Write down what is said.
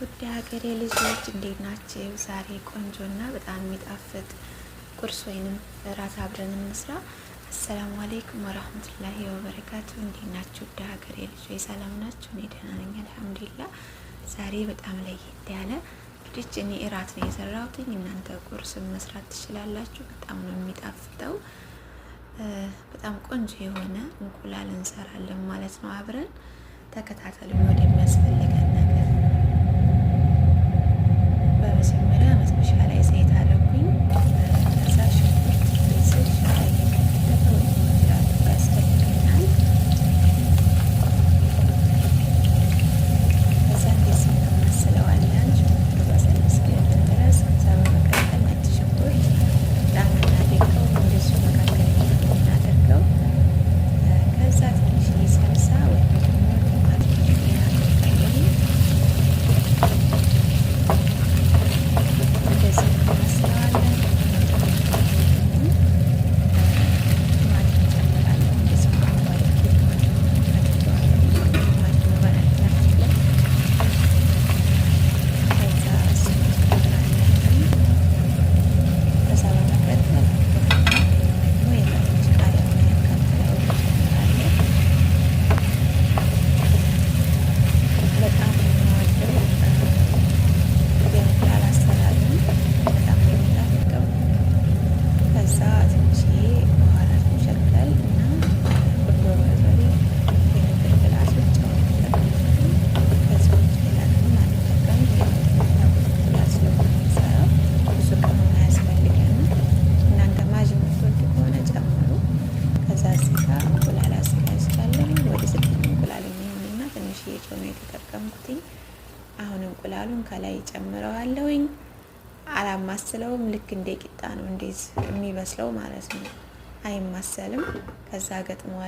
ውድ ሀገሬ ልጆች እንዴት ናቸው? ዛሬ ቆንጆ በጣም የሚጣፍጥ ቁርስ ወይንም እራት አብረን እንስራ። አሰላሙ አሌይኩም ወራህመቱላሂ ወበረካቱ። እንዴት ናቸው? ውድ ሀገሬ ልጆች ሰላም ናቸው? እኔ ደህና ነኝ አልሐምዱሊላ። ዛሬ በጣም ለየት ያለ ልጅ እኔ እራት ነው የሰራሁትኝ። እናንተ ቁርስ መስራት ትችላላችሁ። በጣም ነው የሚጣፍጠው። በጣም ቆንጆ የሆነ እንቁላል እንሰራለን ማለት ነው። አብረን ተከታተሉ ወደሚያስፈልገን ኬጆ ነው የተጠቀምኩትኝ። አሁን እንቁላሉን ከላይ ጨምረዋለሁኝ። አላማስለውም። ልክ እንደ ቂጣ ነው እንዴት የሚበስለው ማለት ነው። አይማሰልም። ከዛ ገጥመዋል።